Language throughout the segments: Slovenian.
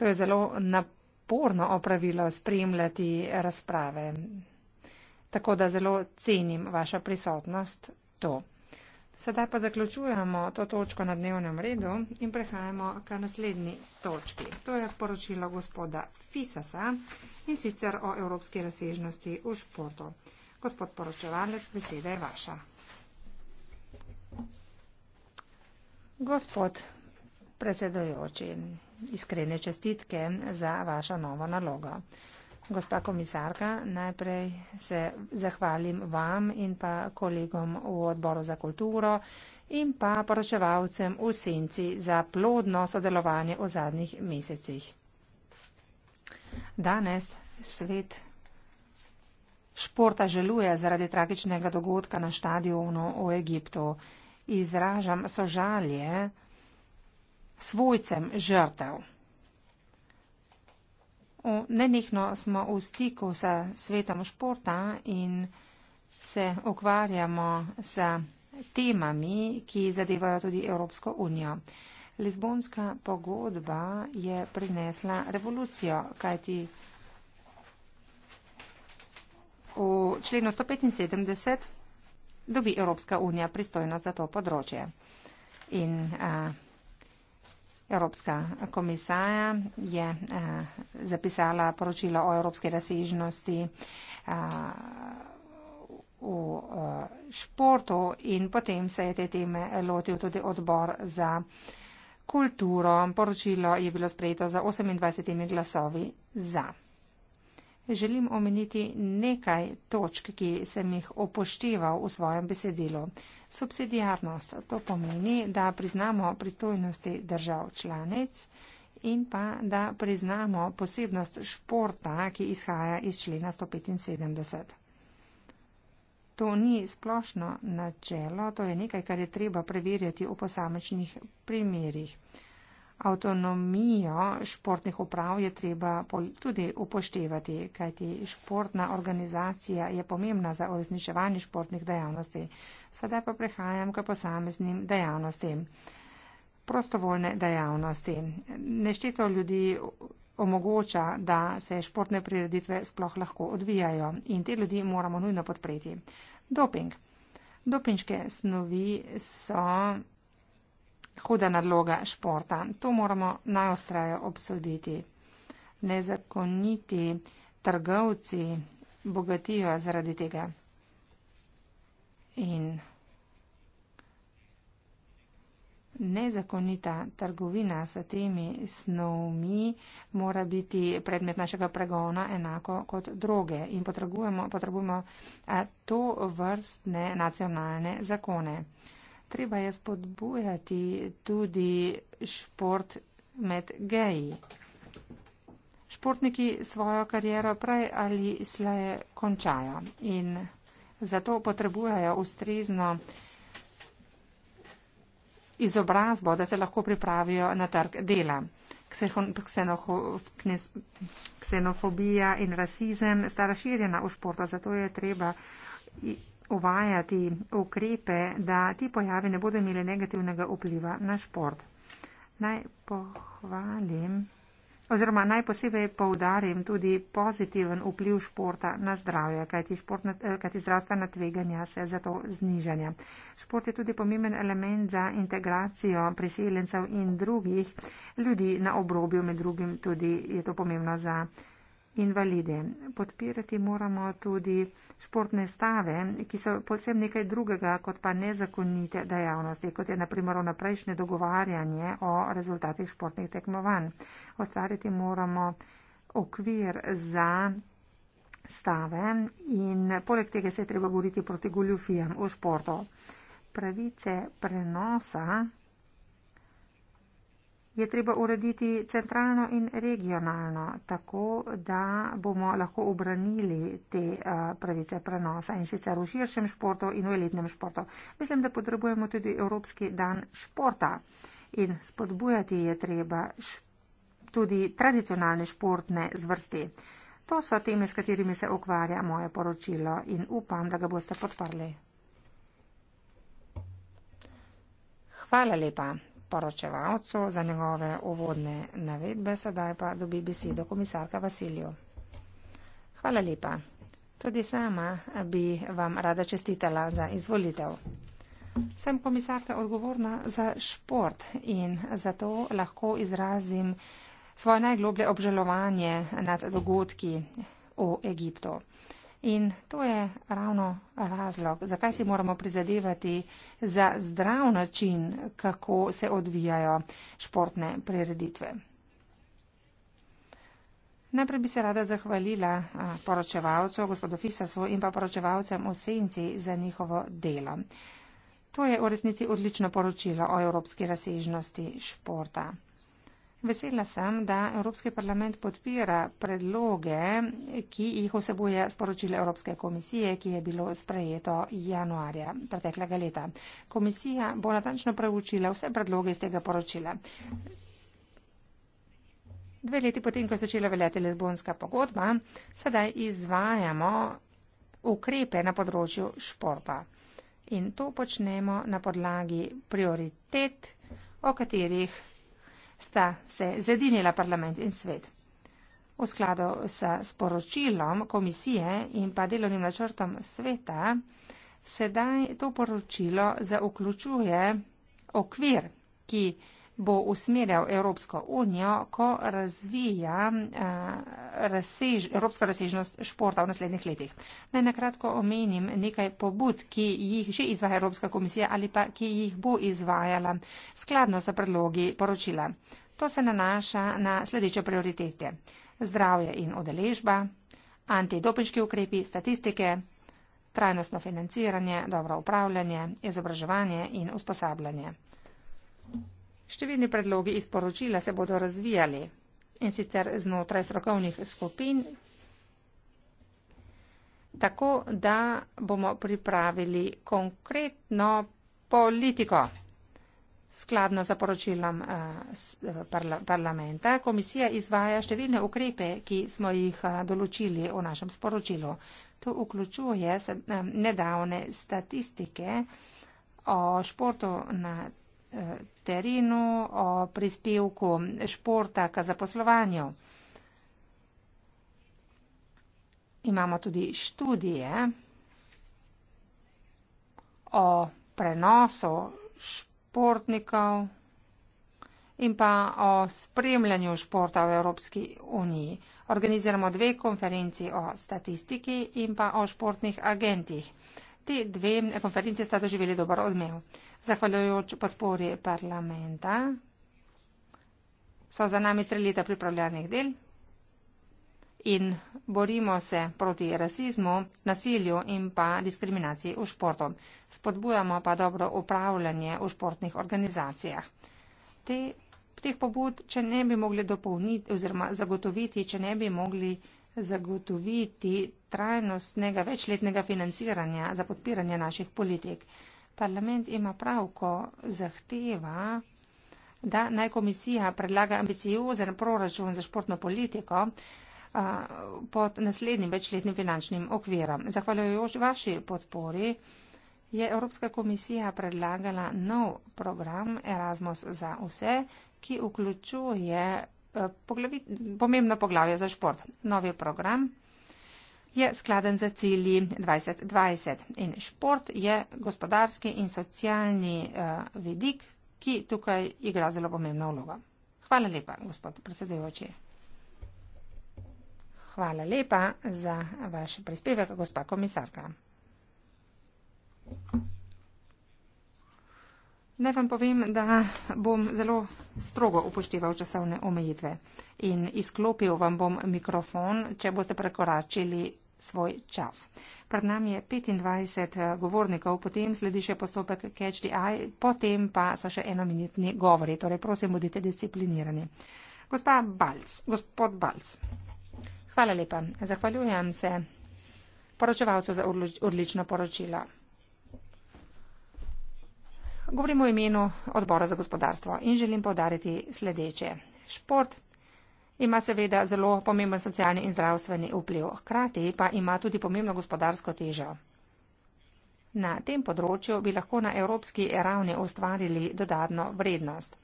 To je zelo naporno opravilo spremljati razprave. Tako da zelo cenim vašo prisotnost to. Sedaj pa zaključujemo to točko na dnevnem redu in prehajamo k naslednji točki. To je poročilo gospoda Fisasa in sicer o evropski razsežnosti v športu. Gospod poročevalec, beseda je vaša. Gospod predsedojoči iskrene čestitke za vašo novo nalogo. Gospa komisarka, najprej se zahvalim vam in pa kolegom v odboru za kulturo in pa poročevalcem v senci za plodno sodelovanje v zadnjih mesecih. Danes svet športa želuje zaradi tragičnega dogodka na stadionu v Egiptu. Izražam sožalje svojcem žrtev. Nenehno smo v stiku s svetom športa in se ukvarjamo s temami, ki zadevajo tudi Evropsko unijo. Lizbonska pogodba je prinesla revolucijo, kajti v členu 175 dobi Evropska unija pristojnost za to področje. In, a, Evropska komisarja je eh, zapisala poročilo o evropski razsežnosti eh, v eh, športu in potem se je te teme lotil tudi odbor za kulturo. Poročilo je bilo sprejeto za 28 glasovi za želim omeniti nekaj točk, ki sem jih upošteval v svojem besedilu. Subsidijarnost to pomeni, da priznamo pristojnosti držav članic in pa da priznamo posebnost športa, ki izhaja iz člena 175. To ni splošno načelo, to je nekaj, kar je treba preverjati v posamečnih primerjih. Avtonomijo športnih uprav je treba tudi upoštevati, kajti športna organizacija je pomembna za uresničevanje športnih dejavnosti. Sedaj pa prehajam k posameznim dejavnostim. Prostovoljne dejavnosti. Nešteto ljudi omogoča, da se športne prireditve sploh lahko odvijajo in te ljudi moramo nujno podpreti. Doping. Dopinške snovi so huda nadloga športa. To moramo najostraje obsoditi. Nezakoniti trgovci bogatijo zaradi tega. In nezakonita trgovina s temi snovmi mora biti predmet našega pregona enako kot droge in potrebujemo, potrebujemo eh, to vrstne nacionalne zakone. Treba je spodbujati tudi šport med geji. Športniki svojo kariero prej ali slej končajo in zato potrebujejo ustrezno izobrazbo, da se lahko pripravijo na trg dela. Ksenofobija in rasizem sta razširjena v športu, zato je treba uvajati ukrepe, da ti pojavi ne bodo imeli negativnega vpliva na šport. Naj pohvalim oziroma naj posebej poudarim tudi pozitiven vpliv športa na zdravje, kajti, športna, eh, kajti zdravstvena tveganja se zato znižanja. Šport je tudi pomemben element za integracijo priseljencev in drugih ljudi na obrobju, med drugim tudi je to pomembno za invalide. Podpirati moramo tudi športne stave, ki so posebno nekaj drugega kot pa nezakonite dejavnosti, kot je naprimer naprejšnje dogovarjanje o rezultatih športnih tekmovanj. Ostvariti moramo okvir za stave in poleg tega se je treba boriti proti goljufijam v športu. Pravice prenosa je treba urediti centralno in regionalno, tako da bomo lahko obranili te eh, pravice prenosa in sicer v širšem športu in v elitnem športu. Mislim, da potrebujemo tudi Evropski dan športa in spodbujati je treba tudi tradicionalne športne zvrsti. To so teme, s katerimi se ukvarja moje poročilo in upam, da ga boste podprli. Hvala lepa poročevalcu za njegove uvodne navedbe, sedaj pa dobi besedo komisarka Vasilijo. Hvala lepa. Tudi sama bi vam rada čestitala za izvolitev. Sem komisarka odgovorna za šport in zato lahko izrazim svoje najgloblje obžalovanje nad dogodki v Egiptu. In to je ravno razlog, zakaj si moramo prizadevati za zdrav način, kako se odvijajo športne prireditve. Najprej bi se rada zahvalila poročevalcu, gospodu Fisasu in pa poročevalcem v senci za njihovo delo. To je v resnici odlično poročilo o evropski razsežnosti športa. Vesela sem, da Evropski parlament podpira predloge, ki jih vsebuje sporočilo Evropske komisije, ki je bilo sprejeto januarja preteklega leta. Komisija bo natančno preučila vse predloge iz tega poročila. Dve leti potem, ko je začela veljati lezbonska pogodba, sedaj izvajamo ukrepe na področju športa. In to počnemo na podlagi prioritet, o katerih sta se zedinila parlament in svet. V skladu s sporočilom komisije in pa delovnim načrtom sveta, sedaj to poročilo zaključuje okvir, ki bo usmerjal Evropsko unijo, ko razvija eh, razsež, evropska razsežnost športa v naslednjih letih. Naj nakratko omenim nekaj pobud, ki jih že izvaja Evropska komisija ali pa ki jih bo izvajala skladno sa predlogi poročila. To se nanaša na sledeče prioritete. Zdravje in odeležba, antidopiški ukrepi, statistike, trajnostno financiranje, dobro upravljanje, izobraževanje in usposabljanje. Thank you. Številni predlogi iz poročila se bodo razvijali in sicer znotraj strokovnih skupin, tako da bomo pripravili konkretno politiko. Skladno za poročilom eh, eh, parlamenta, komisija izvaja številne ukrepe, ki smo jih eh, določili v našem sporočilu. To vključuje nedavne statistike o športu na terenu, o prispevku športa k zaposlovanju. Imamo tudi študije o prenosu športnikov in pa o spremljanju športa v Evropski uniji. Organiziramo dve konferenci o statistiki in pa o športnih agentih te dve konference sta doživeli dober odmev. Zahvaljujoč podpori parlamenta so za nami tri leta pripravljalnih del in borimo se proti rasizmu, nasilju in pa diskriminaciji v športu. Spodbujamo pa dobro upravljanje v športnih organizacijah. Te, teh pobud, če ne bi mogli dopolniti oziroma zagotoviti, če ne bi mogli zagotoviti trajnostnega večletnega financiranja za podpiranje naših politik. Parlament ima prav, ko zahteva, da naj komisija predlaga ambiciozen proračun za športno politiko pod naslednjim večletnim finančnim okvirom. Zahvaljujoč vaši podpori je Evropska komisija predlagala nov program Erasmus za vse, ki vključuje Eh, poglavi, pomembno poglavje za šport. Novi program je skladen za cilji 2020 in šport je gospodarski in socialni uh, vidik, ki tukaj igra zelo pomembno vlogo. Hvala lepa, gospod predsedujoči. Hvala lepa za vaš prispevek, gospa komisarka. Thank you. Naj vam povem, da bom zelo strogo upošteval časovne omejitve in izklopil vam bom mikrofon, če boste prekoračili svoj čas. Pred nami je 25 eh, govornikov, potem sledi še postopek Catch the Eye, potem pa so še enominutni govori. Torej, prosim, bodite disciplinirani. Gospa Balc, gospod Balc, hvala lepa. Zahvaljujem se poročevalcu za odlično poročilo. Govorimo o imenu odbora za gospodarstvo in želim povdariti sledeče. Šport ima seveda zelo pomemben socialni in zdravstveni vpliv, hkrati pa ima tudi pomembno gospodarsko težo. Na tem področju bi lahko na evropski ravni ustvarili dodatno vrednost.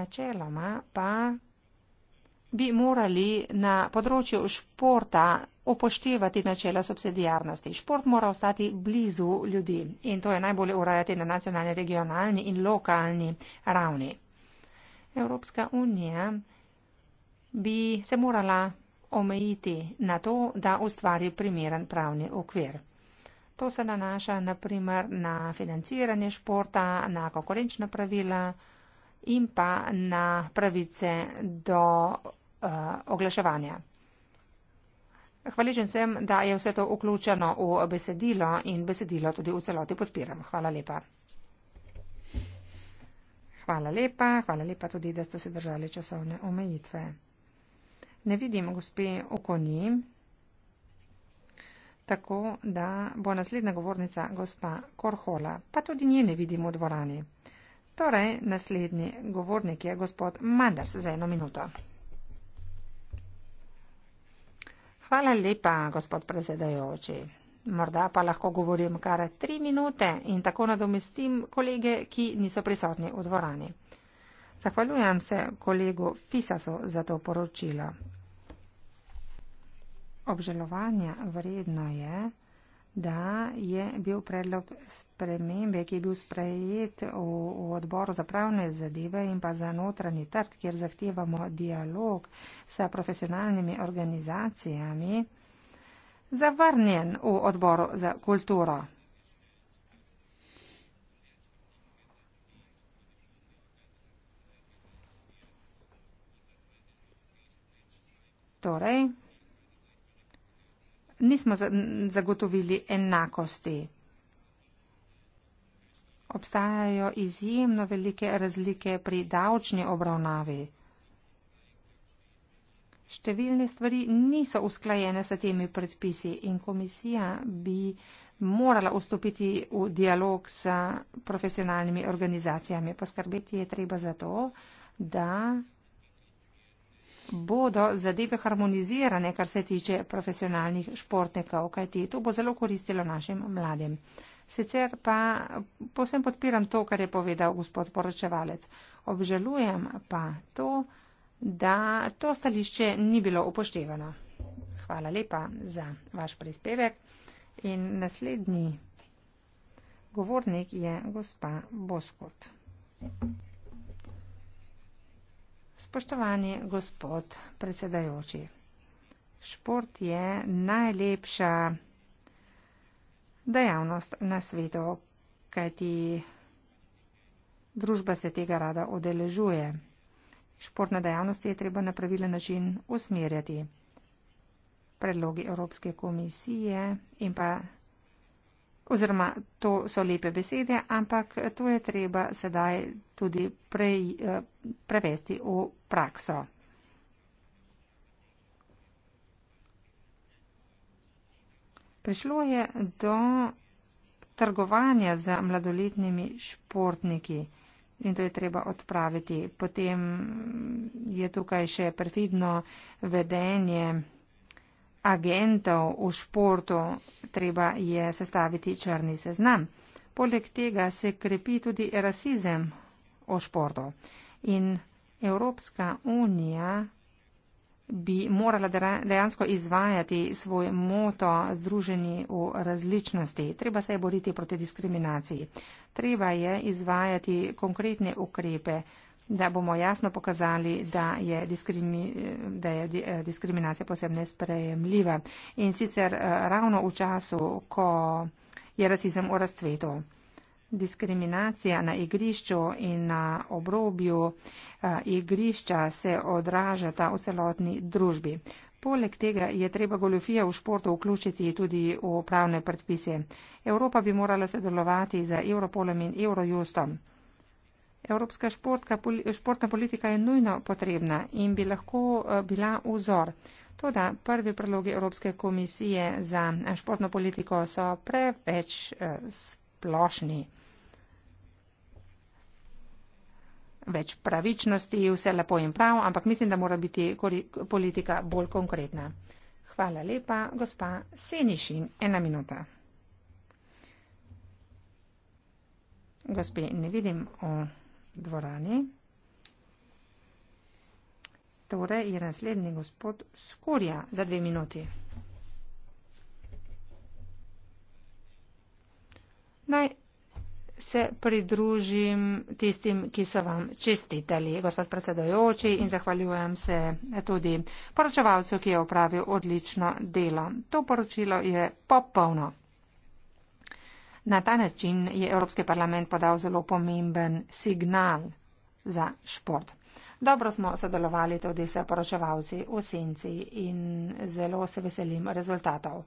Načeloma pa bi morali na področju športa upoštevati načela subsidijarnosti. Šport mora ostati blizu ljudi in to je najbolje urajati na nacionalni, regionalni in lokalni ravni. Evropska unija bi se morala omejiti na to, da ustvari primeren pravni okvir. To se nanaša naprimer na financiranje športa, na konkurenčna pravila, in pa na pravice do uh, oglaševanja. Hvaležen sem, da je vse to vključeno v besedilo in besedilo tudi v celoti podpiram. Hvala lepa. Hvala lepa, hvala lepa tudi, da ste se držali časovne omejitve. Ne vidim gospe Okonji, tako da bo naslednja govornica gospa Korhola, pa tudi nje ne vidim v dvorani. Torej, naslednji govornik je gospod Manders za eno minuto. Hvala lepa, gospod predsedajoči. Morda pa lahko govorim kar tri minute in tako nadomestim kolege, ki niso prisotni v dvorani. Zahvaljujem se kolegu Fisasu za to poročilo. Obžalovanja vredno je da je bil predlog spremembe, ki je bil sprejet v, v odboru za pravne zadeve in pa za notranji trg, kjer zahtevamo dialog s profesionalnimi organizacijami, zavrnjen v odboru za kulturo. Torej, nismo zagotovili enakosti. Obstajajo izjemno velike razlike pri davčni obravnavi. Številne stvari niso usklajene s temi predpisi in komisija bi morala vstopiti v dialog s profesionalnimi organizacijami. Poskrbeti je treba za to, da bodo zadeve harmonizirane, kar se tiče profesionalnih športnikov, kajti to bo zelo koristilo našim mladim. Sicer pa posem podpiram to, kar je povedal gospod poročevalec. Obžalujem pa to, da to stališče ni bilo upoštevano. Hvala lepa za vaš prispevek. In naslednji govornik je gospa Boskot. Spoštovani gospod predsedajoči, šport je najlepša dejavnost na svetu, kajti družba se tega rada odeležuje. Športna dejavnost je treba na pravilen način usmerjati. Predlogi Evropske komisije in pa oziroma to so lepe besede, ampak to je treba sedaj tudi prej, eh, prevesti v prakso. Prišlo je do trgovanja z mladoletnimi športniki in to je treba odpraviti. Potem je tukaj še perfidno vedenje agentov v športu, treba je sestaviti črni seznam. Poleg tega se krepi tudi rasizem v športu. In Evropska unija bi morala dejansko izvajati svoj moto združeni v različnosti. Treba se je boriti proti diskriminaciji. Treba je izvajati konkretne ukrepe da bomo jasno pokazali, da je, diskrimi, da je eh, diskriminacija posebno nesprejemljiva. In sicer eh, ravno v času, ko je rasizem v razcvetu, diskriminacija na igrišču in na obrobju eh, igrišča se odražata v celotni družbi. Poleg tega je treba goljofije v športu vključiti tudi v pravne predpise. Evropa bi morala sodelovati z Europolom in Eurojustom. Evropska športka, športna politika je nujno potrebna in bi lahko eh, bila vzor. Toda prvi predlogi Evropske komisije za eh, športno politiko so preveč eh, splošni. Več pravičnosti, vse lepo in prav, ampak mislim, da mora biti politika bolj konkretna. Hvala lepa, gospa Senišin. Ena minuta. Gospe, ne vidim. O dvorani. Torej je naslednji gospod Skorja za dve minuti. Naj se pridružim tistim, ki so vam čestitali, gospod predsedojoči, in zahvaljujem se tudi poročevalcu, ki je opravil odlično delo. To poročilo je popolno. Na ta način je Evropski parlament podal zelo pomemben signal za šport. Dobro smo sodelovali tudi s poročevalci v senci in zelo se veselim rezultatov.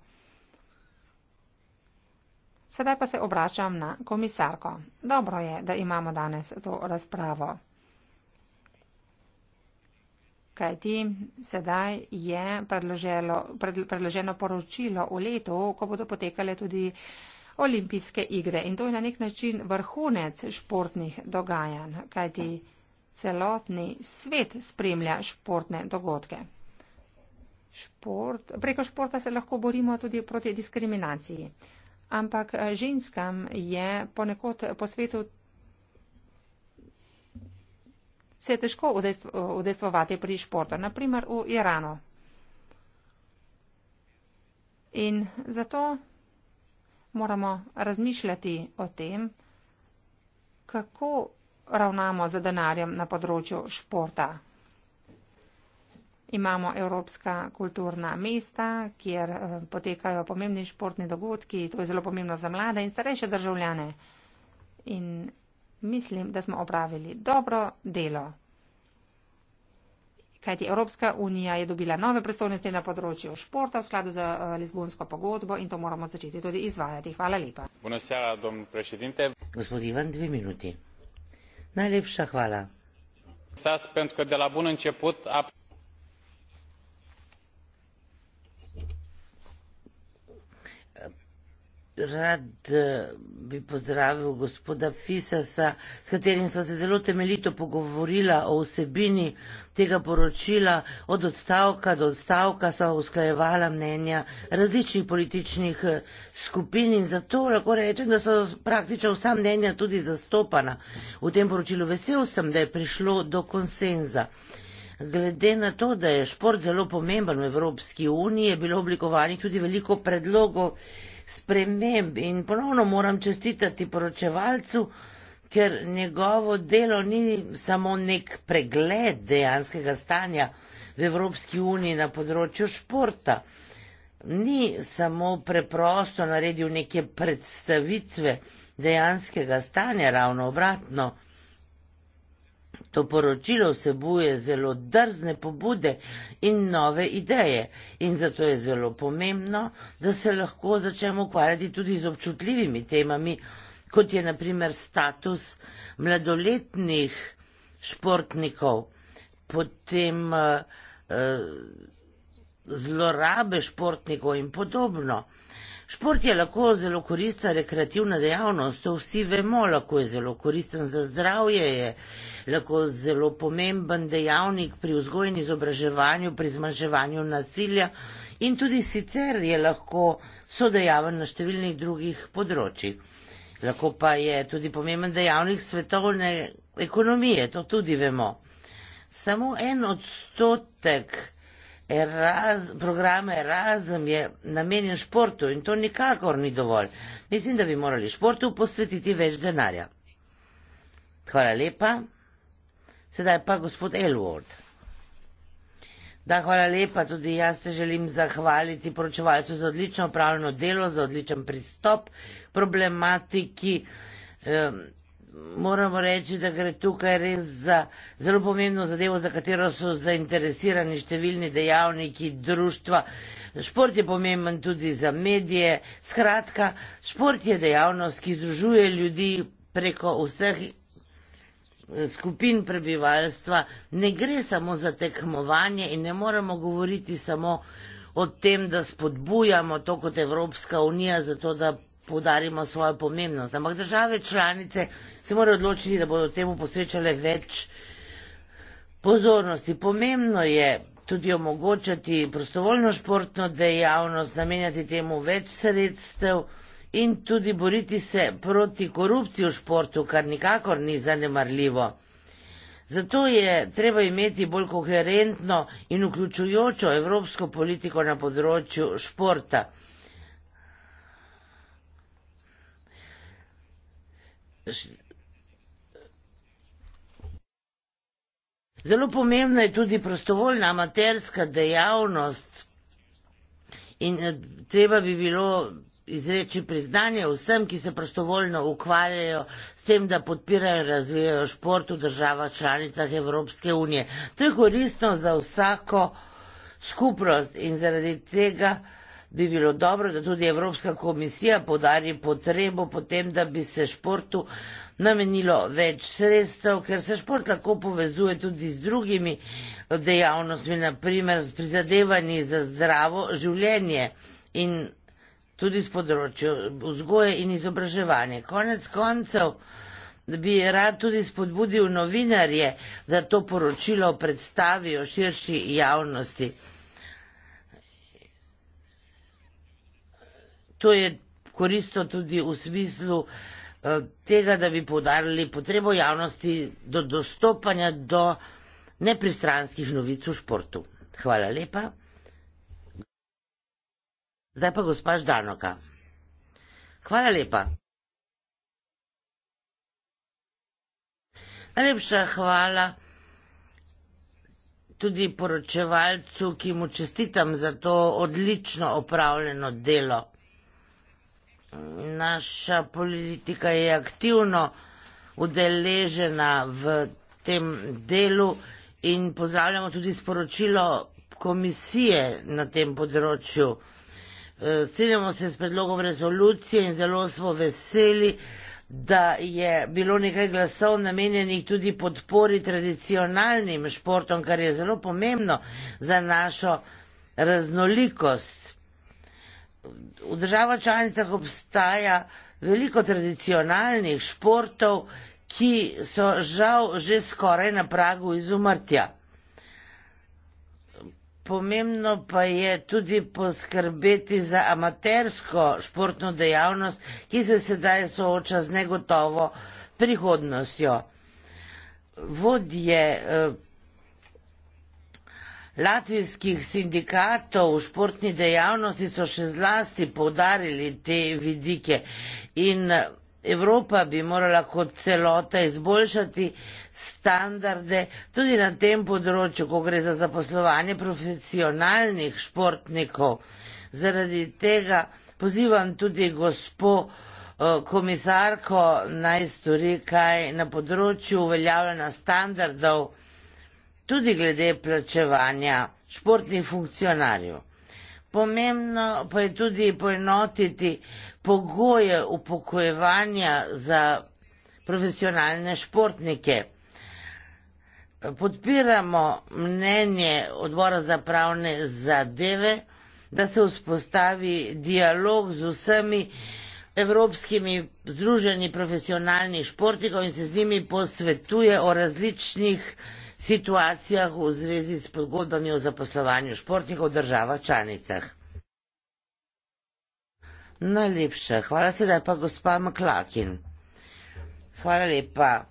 Sedaj pa se obračam na komisarko. Dobro je, da imamo danes to razpravo. Kaj ti sedaj je predloženo poročilo v letu, ko bodo potekale tudi olimpijske igre. In to je na nek način vrhunec športnih dogajanj, kajti celotni svet spremlja športne dogodke. Šport, preko športa se lahko borimo tudi proti diskriminaciji. Ampak eh, ženskam je ponekod po svetu. Se je težko udejstvovati pri športu, naprimer v Iranu. In zato moramo razmišljati o tem, kako ravnamo z denarjem na področju športa. Imamo evropska kulturna mesta, kjer eh, potekajo pomembni športni dogodki, to je zelo pomembno za mlade in starejše državljane. In mislim, da smo opravili dobro delo kajti Evropska unija je dobila nove predstavnosti na področju športa v skladu z eh, Lizbonsko pogodbo in to moramo začeti tudi izvajati. Hvala lepa. Gospod Ivan, dve minuti. Najlepša hvala. Suspend, rad eh, bi pozdravil gospoda Fisasa, s katerim smo se zelo temeljito pogovorila o vsebini tega poročila. Od odstavka do odstavka smo usklajevala mnenja različnih političnih eh, skupin in zato lahko rečem, da so praktično vsa mnenja tudi zastopana v tem poročilu. Vesel sem, da je prišlo do konsenza. Glede na to, da je šport zelo pomemben v Evropski uniji, je bilo oblikovanih tudi veliko predlogov, sprememb in ponovno moram čestitati poročevalcu, ker njegovo delo ni samo nek pregled dejanskega stanja v Evropski uniji na področju športa. Ni samo preprosto naredil neke predstavitve dejanskega stanja, ravno obratno. To poročilo vsebuje zelo drzne pobude in nove ideje in zato je zelo pomembno, da se lahko začnemo ukvarjati tudi z občutljivimi temami, kot je naprimer status mladoletnih športnikov, potem uh, uh, zlorabe športnikov in podobno. Šport je lahko zelo koristna rekreativna dejavnost, to vsi vemo, lahko je zelo koristen za zdravje, je lahko zelo pomemben dejavnik pri vzgojni izobraževanju, pri zmanjševanju nasilja in tudi sicer je lahko sodejaven na številnih drugih področjih. Lahko pa je tudi pomemben dejavnik svetovne ekonomije, to tudi vemo. Samo en odstotek Eraz, programe Erasm je namenjen športu in to nikakor ni dovolj. Mislim, da bi morali športu posvetiti več denarja. Hvala lepa. Sedaj pa gospod Elward. Da, hvala lepa. Tudi jaz se želim zahvaliti poročevalcu za odlično upravljeno delo, za odličen pristop problematiki. Um, moramo reči, da gre tukaj res za zelo pomembno zadevo, za katero so zainteresirani številni dejavniki družstva. Šport je pomemben tudi za medije. Skratka, šport je dejavnost, ki združuje ljudi preko vseh skupin prebivalstva. Ne gre samo za tekmovanje in ne moremo govoriti samo o tem, da spodbujamo to kot Evropska unija, zato da poudarimo svojo pomembnost. Ampak države članice se morajo odločiti, da bodo temu posvečale več pozornosti. Pomembno je tudi omogočati prostovoljno športno dejavnost, namenjati temu več sredstev in tudi boriti se proti korupciji v športu, kar nikakor ni zanemarljivo. Zato je treba imeti bolj koherentno in vključujočo evropsko politiko na področju športa. Zelo pomembna je tudi prostovoljna amaterska dejavnost in eh, treba bi bilo izreči priznanje vsem, ki se prostovoljno ukvarjajo s tem, da podpirajo in razvijajo šport v državah članicah Evropske unije. To je koristno za vsako skupnost in zaradi tega bi bilo dobro, da tudi Evropska komisija podari potrebo potem, da bi se športu namenilo več sredstev, ker se šport lahko povezuje tudi z drugimi dejavnostmi, naprimer z prizadevanji za zdravo življenje in tudi z področju vzgoje in izobraževanja. Konec koncev bi rad tudi spodbudil novinarje, da to poročilo predstavijo širši javnosti. to je koristilo tudi v smislu eh, tega, da bi podarili potrebo javnosti do dostopanja do nepristranskih novic v športu. Hvala lepa. Zdaj pa gospa Ždanoka. Hvala lepa. Najlepša hvala tudi poročevalcu, ki mu čestitam za to odlično opravljeno delo naša politika je aktivno udeležena v tem delu in pozdravljamo tudi sporočilo komisije na tem področju. E, strinjamo se s predlogom rezolucije in zelo smo veseli, da je bilo nekaj glasov namenjenih tudi podpori tradicionalnim športom, kar je zelo pomembno za našo raznolikost v državah članicah obstaja veliko tradicionalnih športov, ki so žal že skoraj na pragu izumrtja. Pomembno pa je tudi poskrbeti za amatersko športno dejavnost, ki se sedaj sooča z negotovo prihodnostjo. Vodje eh, latvijskih sindikatov v športni dejavnosti so še zlasti povdarili te vidike in eh, Evropa bi morala kot celota izboljšati standarde tudi na tem področju, ko gre za zaposlovanje profesionalnih športnikov. Zaradi tega pozivam tudi gospo eh, komisarko naj stori kaj na področju uveljavljanja standardov tudi glede plačevanja športnih funkcionarjev. Pomembno pa je tudi poenotiti pogoje upokojevanja za profesionalne športnike. Podpiramo mnenje odbora za pravne zadeve, da se vzpostavi dialog z vsemi evropskimi združenji profesionalnih športnikov in se z njimi posvetuje o različnih situacijah v zvezi s pogodbami o zaposlovanju športnikov v državah članicah. Najlepša. Hvala sedaj pa gospa Maklakin. Hvala lepa.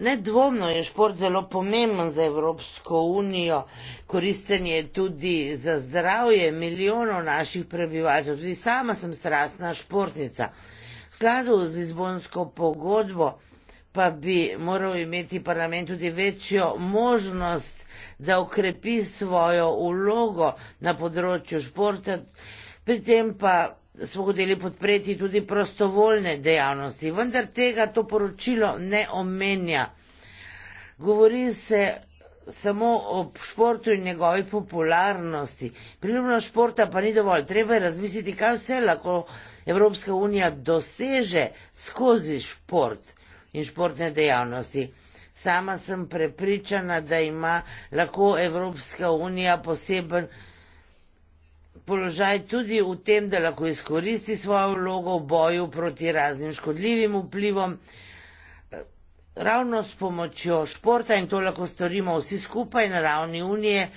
Nedvomno je šport zelo pomemben za Evropsko unijo, koristen je tudi za zdravje milijonov naših prebivalcev. Tudi sama sem strastna športnica. V skladu z izbonsko pogodbo pa bi moral imeti parlament tudi večjo možnost, da ukrepi svojo ulogo na področju športa, pri tem pa smo hoteli podpreti tudi prostovoljne dejavnosti. Vendar tega to poročilo ne omenja. Govori se samo o športu in njegovi popularnosti. Priljubljeno športa pa ni dovolj. Treba je razmisliti, kaj vse lahko Evropska unija doseže skozi šport in športne dejavnosti. Sama sem prepričana, da ima lahko Evropska unija poseben položaj tudi v tem, da lahko izkoristi svojo vlogo v boju proti raznim škodljivim vplivom. Ravno s pomočjo športa in to lahko storimo vsi skupaj na ravni unije,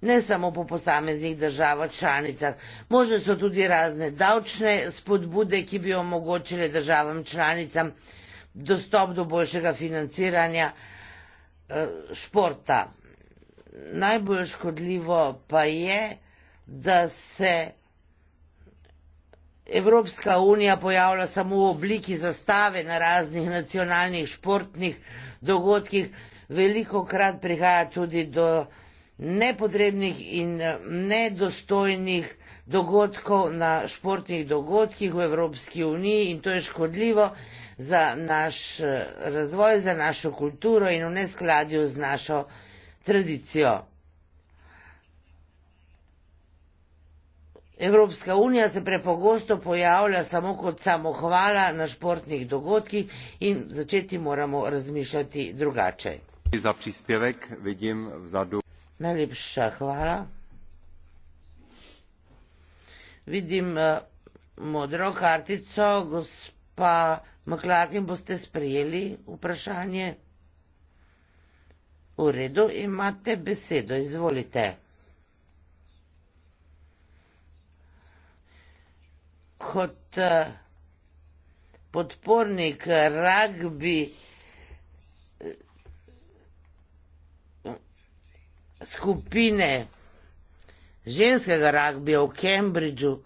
ne samo po posameznih državah članicah. Možne so tudi razne davčne spodbude, ki bi omogočile državam članicam dostop do boljšega financiranja eh, športa. Najbolj škodljivo pa je, da se Evropska unija pojavlja samo v obliki zastave na raznih nacionalnih športnih dogodkih, veliko krat prihaja tudi do nepotrebnih in eh, nedostojnih dogodkov na športnih dogodkih v Evropski uniji in to je škodljivo za naš eh, razvoj, za našo kulturo in v neskladju z našo tradicijo. Evropska unija se prepogosto pojavlja samo kot samohvala na športnih dogodkih in začeti moramo razmišljati drugače. Za prispevek vidim vzadu. Najlepša hvala. Vidim eh, modro kartico, gospa. Maklarin, boste sprejeli vprašanje? V redu, imate besedo, izvolite. Kot eh, podpornik ragbi eh, skupine ženskega ragbija v Cambridgeu,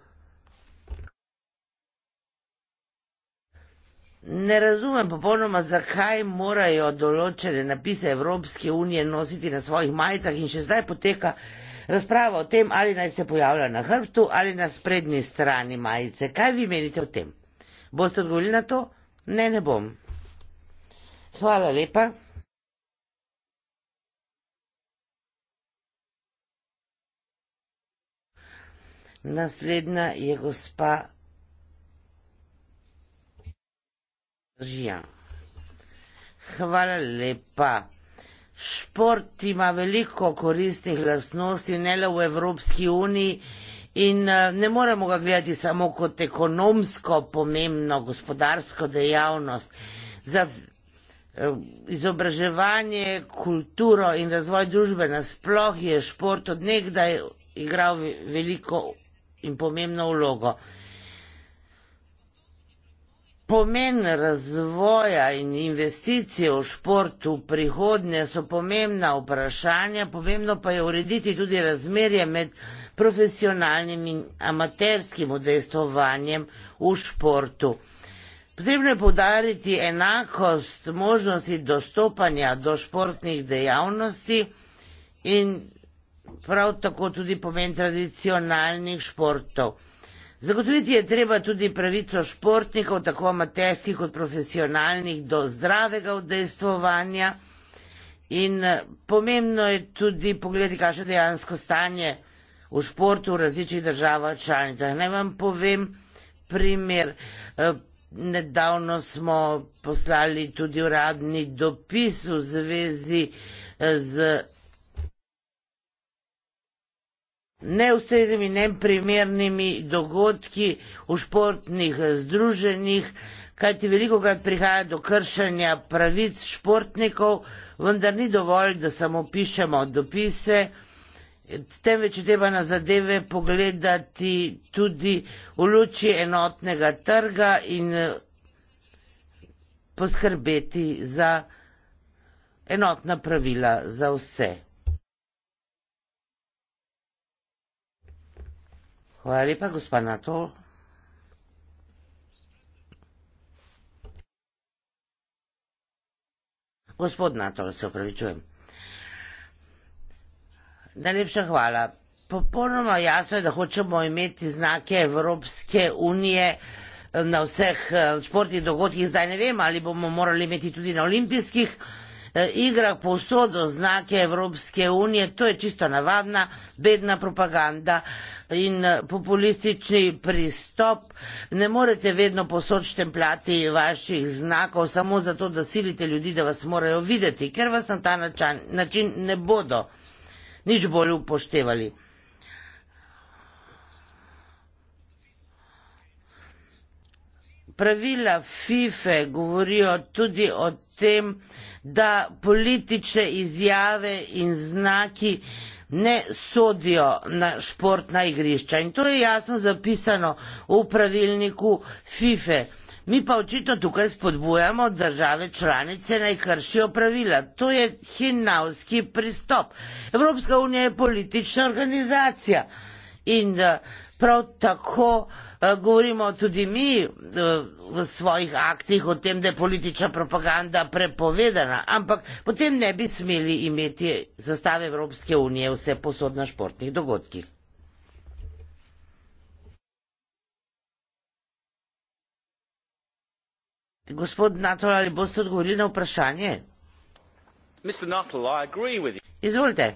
Ne razumem popolnoma, zakaj morajo določene napise Evropske unije nositi na svojih majicah in še zdaj poteka razprava o tem, ali naj se pojavlja na hrbtu ali na sprednji strani majice. Kaj vi menite o tem? Boste odgovorili na to? Ne, ne bom. Hvala lepa. Naslednja je gospa Ja. Hvala lepa. Šport ima veliko koristnih lastnosti, ne le v Evropski uniji, in eh, ne moremo ga gledati samo kot ekonomsko pomembno gospodarsko dejavnost. Za eh, izobraževanje, kulturo in razvoj družbe nasploh je šport odnegdaj igral veliko in pomembno vlogo pomen razvoja in investicije v šport v prihodnje so pomembna vprašanja, pomembno pa je urediti tudi razmerje med profesionalnim in amaterskim udejstovanjem v športu. Potrebno je povdariti enakost možnosti dostopanja do športnih dejavnosti in prav tako tudi pomen tradicionalnih športov. Zagotoviti je treba tudi pravico športnikov, tako amaterskih kot profesionalnih, do zdravega udejstvovanja. In eh, pomembno je tudi pogledati, kakšno dejansko stanje v športu v različnih državah članicah. Naj vam povem primer. Eh, nedavno smo poslali tudi uradni dopis v zvezi eh, z neustreznimi, neprimernimi dogodki v športnih združenjih, kajti veliko krat prihaja do kršanja pravic športnikov, vendar ni dovolj, da samo pišemo dopise, temveč je treba na zadeve pogledati tudi v luči enotnega trga in eh, poskrbeti za enotna pravila za vse. Hvala lepa, gospa Nato. Gospod Nato, se upravičujem. Najlepša hvala. Popolnoma jasno je, da hočemo imeti znake Evropske unije eh, na vseh eh, športnih dogodkih. Zdaj ne vem, ali bomo morali imeti tudi na olimpijskih. E, igrah povsod oznake Evropske unije, to je čisto navadna, bedna propaganda in e, populistični pristop. Ne morete vedno posod štempljati vaših znakov samo zato, da silite ljudi, da vas morajo videti, ker vas na ta način ne bodo nič bolj upoštevali. pravila FIFE govorijo tudi o tem, da politične izjave in znaki ne sodijo na športna igrišča. In to je jasno zapisano v pravilniku FIFE. Mi pa očitno tukaj spodbujamo države članice naj kršijo pravila. To je hinavski pristop. Evropska unija je politična organizacija in eh, prav tako Eh, govorimo tudi mi eh, v svojih aktih o tem, da je politična propaganda prepovedana, ampak potem ne bi smeli imeti zastave Evropske unije vse posod na športnih dogodkih. Gospod Natol, ali boste odgovorili na vprašanje? Izvolite.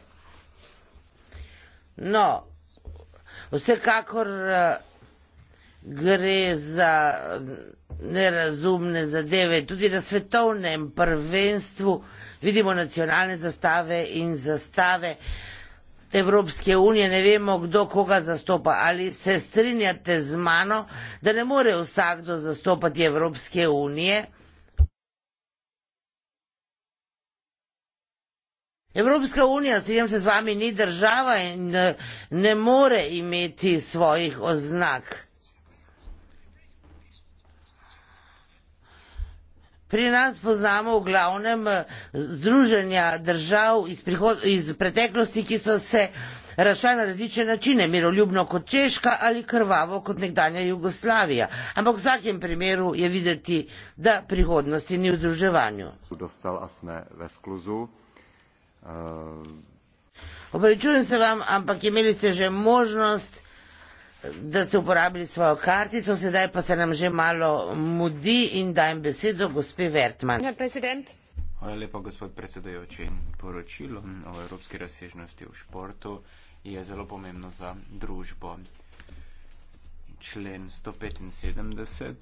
No, vsekakor eh, gre za nerazumne zadeve. Tudi na svetovnem prvenstvu vidimo nacionalne zastave in zastave Evropske unije, ne vemo, kdo koga zastopa. Ali se strinjate z mano, da ne more vsakdo zastopati Evropske unije? Evropska unija, strinjam se z vami, ni država in eh, ne more imeti svojih oznak. Pri nas poznamo v glavnem eh, združenja držav iz, prihod, iz preteklosti, ki so se rašali na različne načine, miroljubno kot Češka ali krvavo kot nekdanja Jugoslavija. Ampak v vsakem primeru je videti, da prihodnosti ni v združevanju. Eh, Opravičujem se vam, ampak imeli ste že možnost da ste uporabili svojo kartico, sedaj pa se nam že malo mudi in dajem besedo gospe Vertman. Hvala lepa, gospod predsedajoči. Poročilo o evropski razsežnosti v športu je zelo pomembno za družbo. Člen 175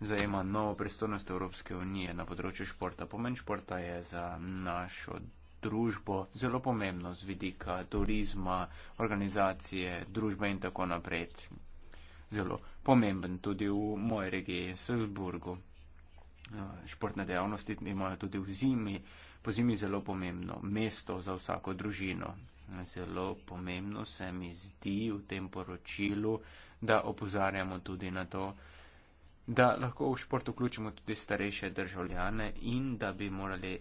zajema novo pristojnost Evropske unije na področju športa. Pomen športa je za našo družbo, zelo pomembno z vidika turizma, organizacije, družbe in tako naprej. Zelo pomemben tudi v moji regiji, Salzburgu. Ja, športne dejavnosti imajo tudi v zimi, po zimi zelo pomembno mesto za vsako družino. Zelo pomembno se mi zdi v tem poročilu, da opozarjamo tudi na to, da lahko v šport vključimo tudi starejše državljane in da bi morali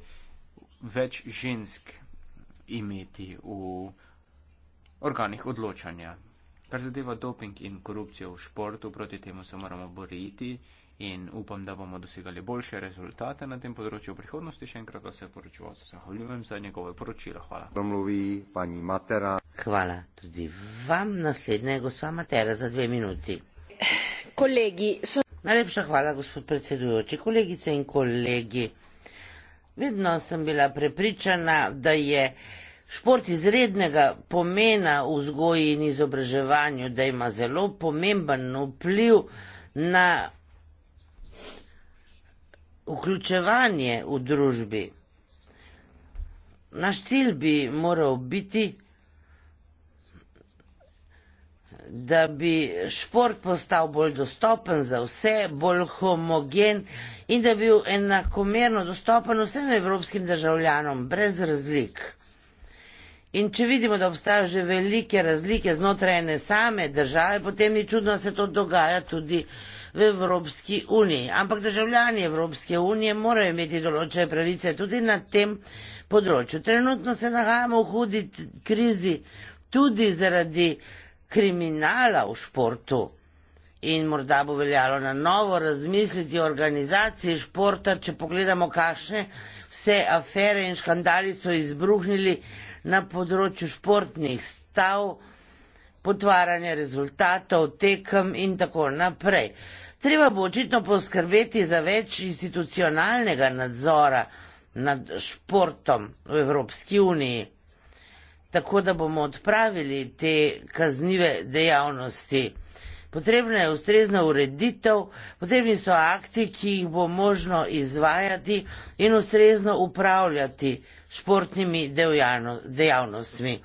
več žensk imeti v organih odločanja. Kar zadeva doping in korupcijo v športu, proti temu se moramo boriti in upam, da bomo dosegali boljše rezultate na tem področju v prihodnosti. Še enkrat pa se poročujem, zahvaljujem za njegovo poročilo. Hvala. Hvala tudi vam. Naslednja je gospa Matera za dve minuti. Kolegi, so... Najlepša hvala, gospod predsedujoči, kolegice in kolegi. Vedno sem bila prepričana, da je šport izrednega pomena v vzgoji in izobraževanju, da ima zelo pomemben vpliv na vključevanje v družbi. Naš cilj bi moral biti da bi šport postal bolj dostopen za vse, bolj homogen in da bi bil enakomerno dostopen vsem evropskim državljanom, brez razlik. In če vidimo, da obstajajo že velike razlike znotraj ene same države, potem ni čudno, da se to dogaja tudi v Evropski uniji. Ampak državljani Evropske unije morajo imeti določene pravice tudi na tem področju. Trenutno se nahajamo v hudi krizi tudi zaradi kriminala v športu. In morda bo veljalo na novo razmisliti o organizaciji športa, če pogledamo, kakšne vse afere in škandali so izbruhnili na področju športnih stav, potvaranja rezultatov, tekem in tako naprej. Treba bo očitno poskrbeti za več institucionalnega nadzora nad športom v Evropski uniji tako da bomo odpravili te kaznive dejavnosti. Potrebna je ustrezna ureditev, potrebni so akti, ki jih bo možno izvajati in ustrezno upravljati športnimi dejavnostmi.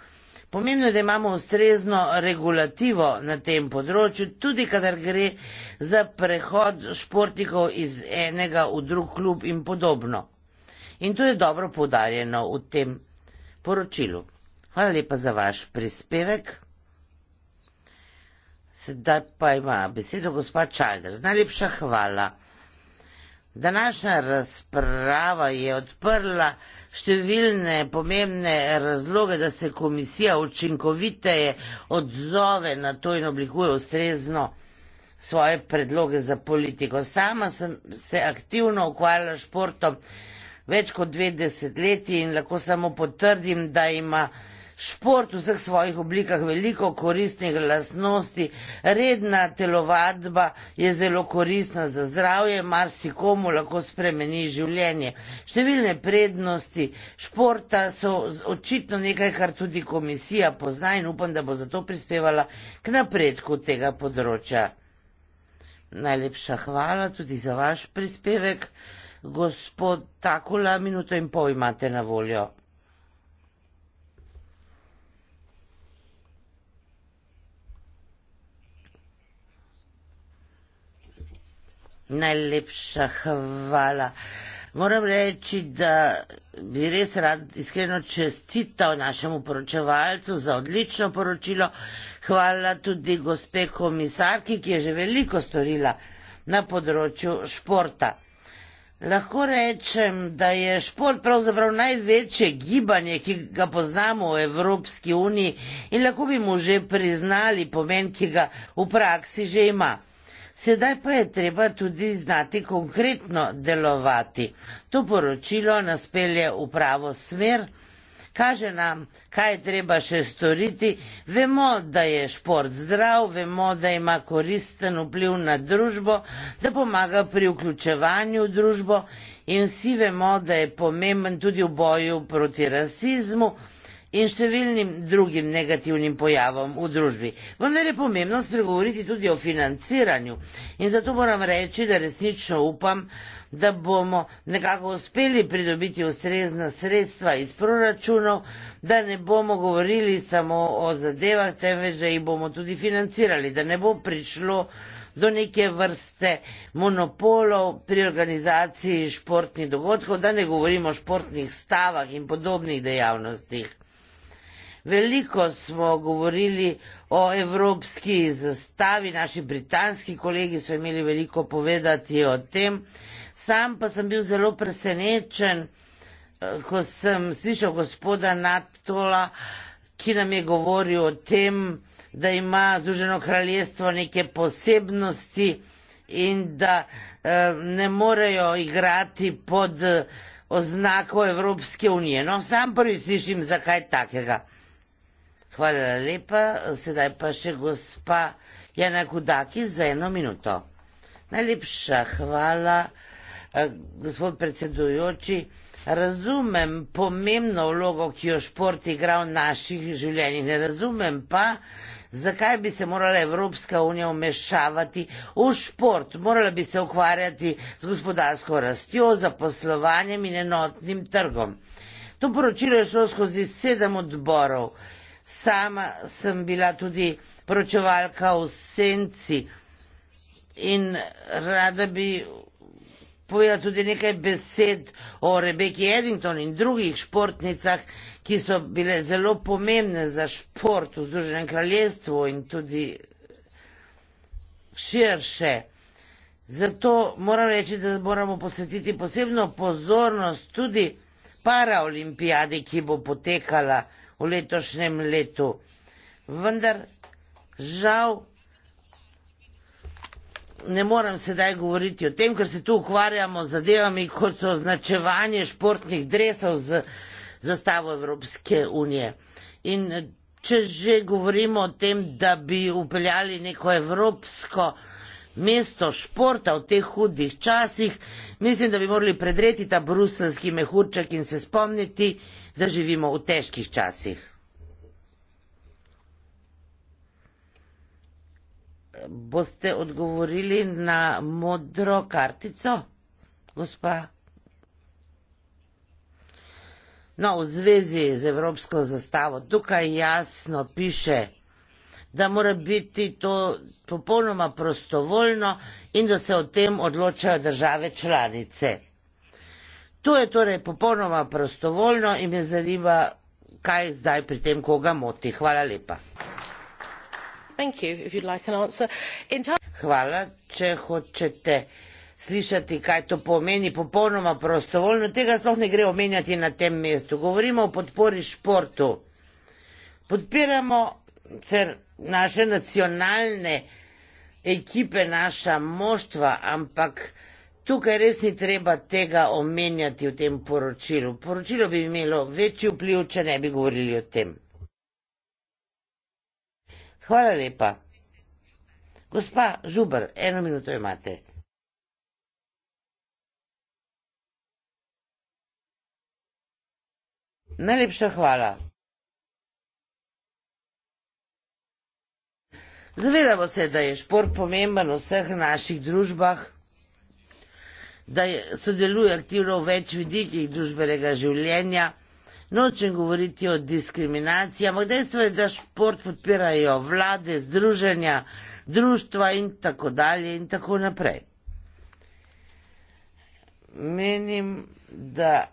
Pomembno je, da imamo ustrezno regulativo na tem področju, tudi kadar gre za prehod športnikov iz enega v drug klub in podobno. In to je dobro podarjeno v tem poročilu. Hvala lepa za vaš prispevek. Sedaj pa ima besedo gospa Čalders. Najlepša hvala. Današnja razprava je odprla številne pomembne razloge, da se komisija učinkoviteje odzove na to in oblikuje ustrezno svoje predloge za politiko. Sama sem se aktivno ukvarjala s športom več kot dve desetletji in lahko samo potrdim, da ima Šport v vseh svojih oblikah veliko koristnih lasnosti, redna telovadba je zelo koristna za zdravje, marsikomu lahko spremeni življenje. Številne prednosti športa so očitno nekaj, kar tudi komisija pozna in upam, da bo zato prispevala k napredku tega področja. Najlepša hvala tudi za vaš prispevek. Gospod Takula, minuto in pol imate na voljo. Najlepša hvala. Moram reči, da bi res rad iskreno čestital našemu poročevalcu za odlično poročilo. Hvala tudi gospe komisarki, ki je že veliko storila na področju športa. Lahko rečem, da je šport pravzaprav največje gibanje, ki ga poznamo v Evropski uniji in lahko bi mu že priznali pomen, ki ga v praksi že ima. Sedaj pa je treba tudi znati konkretno delovati. To poročilo nas pelje v pravo smer, kaže nam, kaj je treba še storiti. Vemo, da je šport zdrav, vemo, da ima koristen vpliv na družbo, da pomaga pri vključevanju v družbo in vsi vemo, da je pomemben tudi v boju proti rasizmu in številnim drugim negativnim pojavom v družbi. Vendar je pomembno spregovoriti tudi o financiranju in zato moram reči, da resnično upam, da bomo nekako uspeli pridobiti ustrezna sredstva iz proračunov, da ne bomo govorili samo o zadevah, temveč da jih bomo tudi financirali, da ne bo prišlo do neke vrste monopolov pri organizaciji športnih dogodkov, da ne govorimo o športnih stavah in podobnih dejavnostih. Veliko smo govorili o evropski zastavi, naši britanski kolegi so imeli veliko povedati o tem. Sam pa sem bil zelo presenečen, eh, ko sem slišal gospoda Nattola, ki nam je govoril o tem, da ima Združeno kraljestvo neke posebnosti in da eh, ne morejo igrati pod eh, oznako Evropske unije. No, sam prvi slišim, zakaj takega. Hvala lepa. Sedaj pa še gospa Jana Kudaki za eno minuto. Najlepša hvala, eh, gospod predsedujoči. Razumem pomembno vlogo, ki jo šport igra v naših življenjih. Ne razumem pa, zakaj bi se morala Evropska unija vmešavati v šport. Morala bi se ukvarjati z gospodarsko rastjo, zaposlovanjem in enotnim trgom. To poročilo je šlo skozi sedem odborov. Sama sem bila tudi pročevalka v senci in rada bi povedala tudi nekaj besed o Rebeki Eddington in drugih športnicah, ki so bile zelo pomembne za šport v Združenem kraljestvu in tudi širše. Zato moram reči, da moramo posvetiti posebno pozornost tudi paraolimpijadi, ki bo potekala v letošnjem letu. Vendar žal ne moram sedaj govoriti o tem, ker se tu ukvarjamo z zadevami, kot so označevanje športnih dresov z zastavo Evropske unije. In če že govorimo o tem, da bi upeljali neko evropsko mesto športa v teh hudih časih, mislim, da bi morali predreti ta bruselski mehurček in se spomniti, da živimo v težkih časih. Boste odgovorili na modro kartico, gospa? No, v zvezi z evropsko zastavo, tukaj jasno piše, da mora biti to popolnoma prostovoljno in da se o tem odločajo države članice. To je torej popolnoma prostovoljno in me zanima, kaj zdaj pri tem koga moti. Hvala lepa. You, like Hvala, če hočete slišati, kaj to pomeni popolnoma prostovoljno. Tega sploh ne gre omenjati na tem mestu. Govorimo o podpori športu. Podpiramo cer, naše nacionalne ekipe, naša moštva, ampak. Tukaj res ni treba tega omenjati v tem poročilu. Poročilo bi imelo večji vpliv, če ne bi govorili o tem. Hvala lepa. Gospa Žubr, eno minuto imate. Najlepša hvala. Zavedamo se, da je šport pomemben v vseh naših družbah da je, sodeluje aktivno v več vidikih družbenega življenja. Nočem govoriti o diskriminaciji, ampak dejstvo je, da šport podpirajo vlade, združenja, društva in tako dalje in tako naprej. Menim, da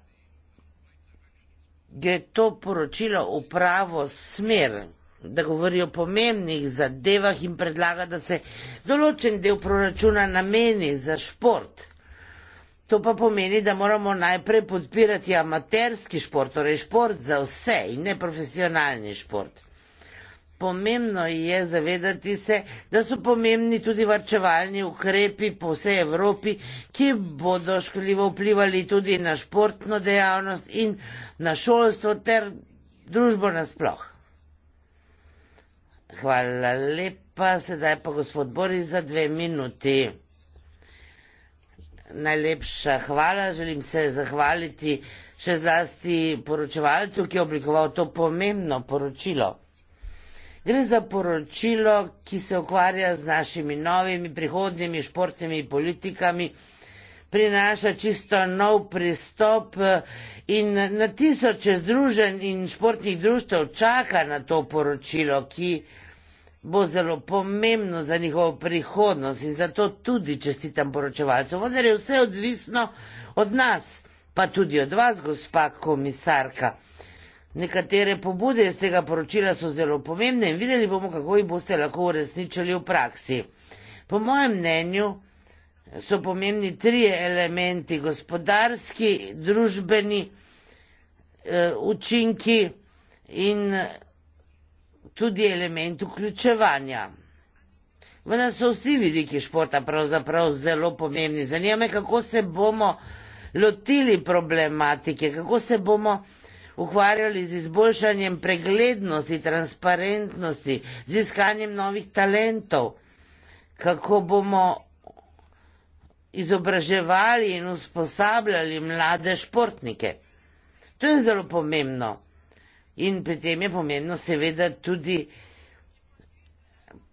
je to poročilo v pravo smer, da govori o pomembnih zadevah in predlaga, da se določen del proračuna nameni za šport. To pa pomeni, da moramo najprej podpirati amaterski šport, torej šport za vse in ne profesionalni šport. Pomembno je zavedati se, da so pomembni tudi varčevalni ukrepi po vsej Evropi, ki bodo škodljivo vplivali tudi na športno dejavnost in na šolstvo ter družbo nasploh. Hvala lepa, sedaj pa gospod Boris za dve minuti. Najlepša hvala. Želim se zahvaliti še zlasti poročevalcu, ki je oblikoval to pomembno poročilo. Gre za poročilo, ki se ukvarja z našimi novimi prihodnjimi športnimi politikami, prinaša čisto nov pristop eh, in na tisoče združenj in športnih društev čaka na to poročilo, ki bo zelo pomembno za njihovo prihodnost in zato tudi čestitam poročevalcu. Vendar je vse odvisno od nas, pa tudi od vas, gospa komisarka. Nekatere pobude iz tega poročila so zelo pomembne in videli bomo, kako jih boste lahko uresničili v praksi. Po mojem mnenju so pomembni tri elementi - gospodarski, družbeni, eh, učinki in tudi element vključevanja. Vendar so vsi vidiki športa pravzaprav zelo pomembni. Zanima me, kako se bomo lotili problematike, kako se bomo ukvarjali z izboljšanjem preglednosti, transparentnosti, z iskanjem novih talentov, kako bomo izobraževali in usposabljali mlade športnike. To je zelo pomembno. In pri tem je pomembno seveda tudi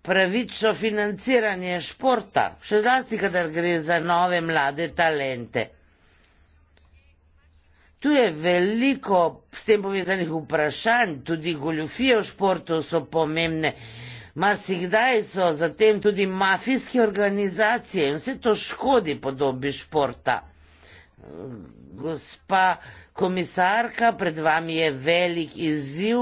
pravično financiranje športa, še zlasti, kadar gre za nove mlade talente. Tu je veliko s tem povezanih vprašanj, tudi goljufije v športu so pomembne. Marsikdaj so zatem tudi mafijske organizacije in vse to škodi podobi športa. Gospa komisarka, pred vami je velik izziv